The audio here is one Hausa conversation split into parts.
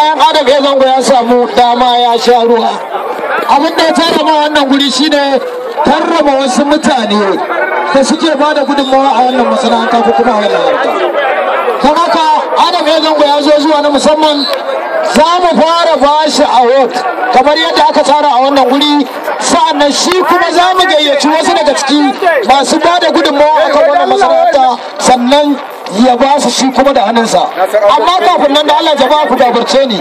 bayan adam ya zango ya samu dama ya sha ruwa abin da ya tara ma wannan guri shine tarraba wasu mutane da suke ba da gudunmawa a wannan masana'anta ko kuma a wannan harka don haka adam ya zango ya zo zuwa na musamman za mu fara ba shi wot kamar yadda aka tsara a wannan guri sa'annan shi kuma za mu gayyaci wasu daga ciki masu ba da gudunmawa kan wannan masana'anta sannan ya ba su shi kuma da hannunsa amma kafin nan da Allah jama'a ku gabarce ni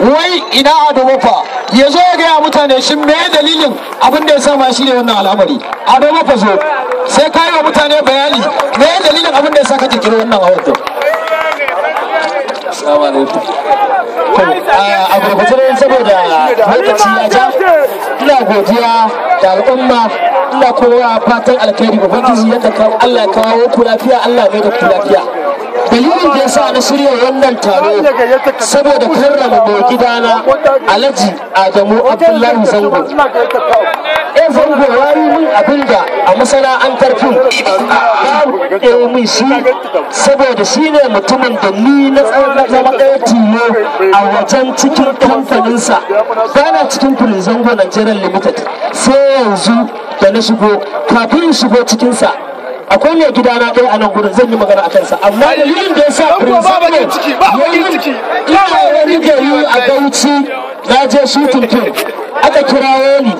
wai ina ado bafa ya zo ya gaya mutane shi me dalilin abin da ya sa ma shi ne wannan al'amari ado fa zo sai kai wa mutane bayani me dalilin abin da ya sa ka kirkiro wannan awardo Assalamu alaikum. A gurgurtar saboda lokaci ya ina godiya da al'umma ina kowa fatan alkhairi ubangiji yadda Allah kawo ku lafiya Allah mai da ku lafiya dalilin da yasa na shirya wannan taro saboda karrama mai gidana alhaji adamu abdullahi zango eh zango yayi min abin da a masana'antar fim eh min shi saboda shi ne mutumin da ni na zama ɗaya tilo a wajen cikin kamfaninsa bana cikin filin zango nigerian limited sai yanzu da na shigo kafin shigo cikinsa akwai mai gida na ɗaya a nan gudun zan yi magana a kansa amma dalilin da ya sa principal a na je fim aka kirawo ni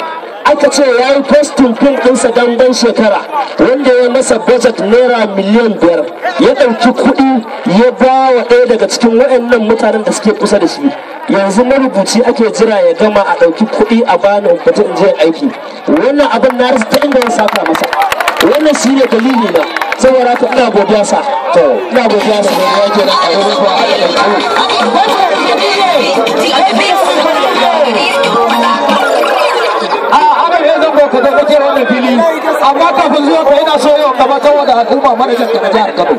aka ce ya yi postin fim ɗinsa don ban shekara wanda ya masa budget naira miliyan biyar ya ɗauki kuɗi ya ba wa ɗaya daga cikin waɗannan mutanen da suke kusa da shi yanzu marubuci ake jira ya gama a ɗauki kuɗi a bani in je aiki wannan abin na rasu ta inda ya saka masa wannan shi ne dalili na saboda haka ina godiya sa to ina godiya sa ne yake da a wurin ko a amma kafin zuwa ka ina so yau kamar ta wada al'umma manajan ka na jihar Kano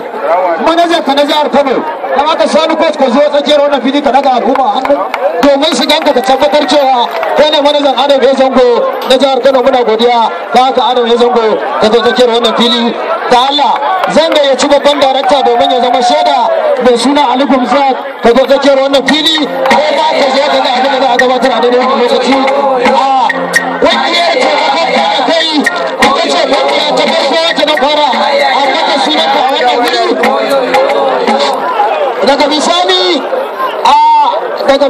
manajan ka na jihar Kano kamar ka sani coach ka zo tsakiyar wannan fili ka daga al'umma hannu domin shigan ka ta tabbatar cewa kai ne manajan Adam zango. na jihar Kano muna godiya ta haka Adam ya zango ta zo tsakiyar wannan fili da Allah zanga ya ci babban darakta domin ya zama shaida mai suna Ali Gumza ta zo tsakiyar wannan fili ko ba ka zo ka abin da za a gabatar a daidai lokaci a wani kai ce ta na fara a daga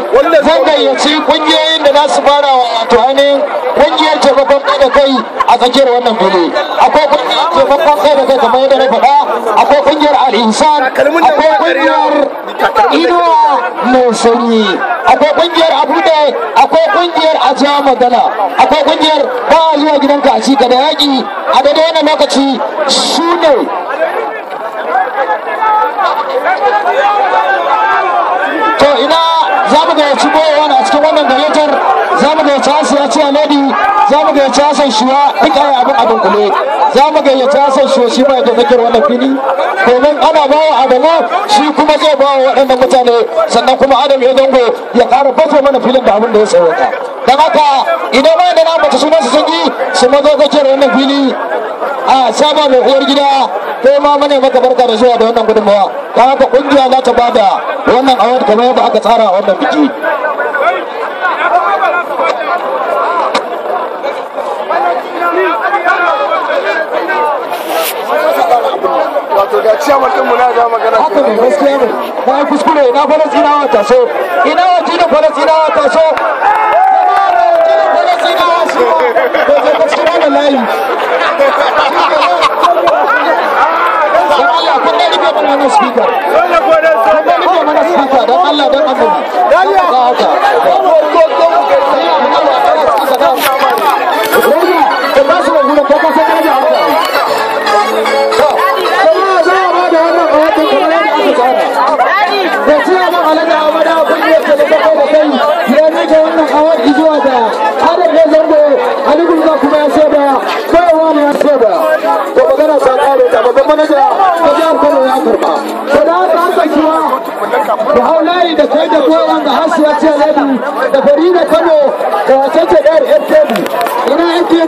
gayyaci zan gayyaci kungiyoyin da za su fara wato ainihin kungiyar taimakon kai da kai a tsakiyar wannan fili akwai kungiyar taimakon kai da kai kamar yadda na faɗa akwai kungiyar al'insan akwai kungiyar inuwa mai sanyi akwai kungiyar abuɗe akwai kungiyar ajiya magana akwai kungiyar ba a zuwa gidanka a ci da yaƙi a daidai wannan lokaci su ne za mu gowa goyewa a cikin wannan gayyatar za mu gayyaci asiya ciya lady Zamu mu gayyaci san Shuwa duk ai abin abin kule zamu mu gayyaci san Shuwa shi mai da zakar wannan fili domin ana bawa Adamu shi kuma zai bawa waɗannan mutane sannan kuma Adam ya dango ya ƙara bato mana filin da abin da ya ta don haka idan ba da na bata sunan su sun yi su mazo zakar wannan fili a saba mai uwar gida ko ma mana maka barka da zuwa da wannan gudunmawa don haka kungiya za ta da wannan award kamar yadda aka tsara wannan biki ciyaman din mu na ga magana haka ne gaskiya ne na yi kuskure ina falastinawa taso ina waje da falastinawa taso Allah da kai da kowan da hasiya ce lalu da kano da ina ina ina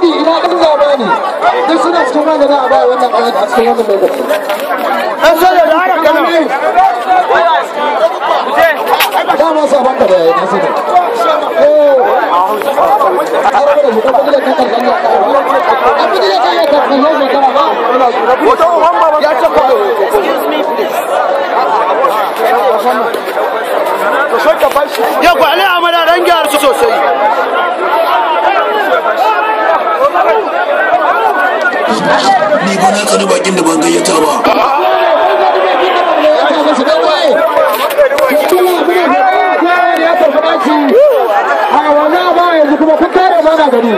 ɗan zamani duk suna cikin za a ba wannan a cikin wannan Ɗan da haka kano. Dama da bayan nasu ya ali amada dan gyara su sosai ni ba na tsani bakin da ban gayyata ba a wana ba yanzu kuma kun kare mana gari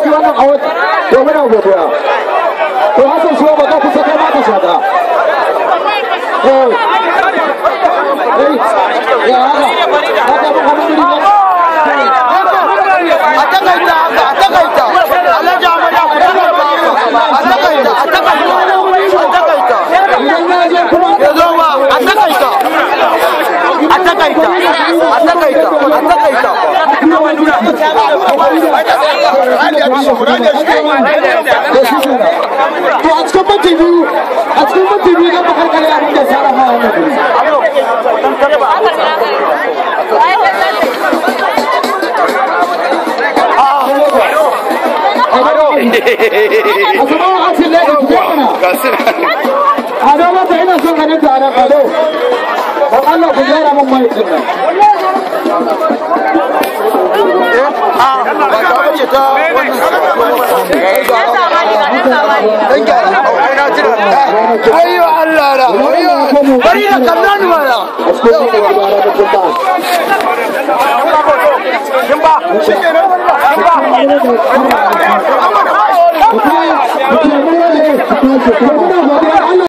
kiwa nan a wata domin abubuwa তো আজকে টিভি আজকে টিভি না বাহার করে আমি সারা হওয়া هذا ما بعيد عشان هنبدا على قالوا والله بجاره Ayyo Allah da, ayyo, bari da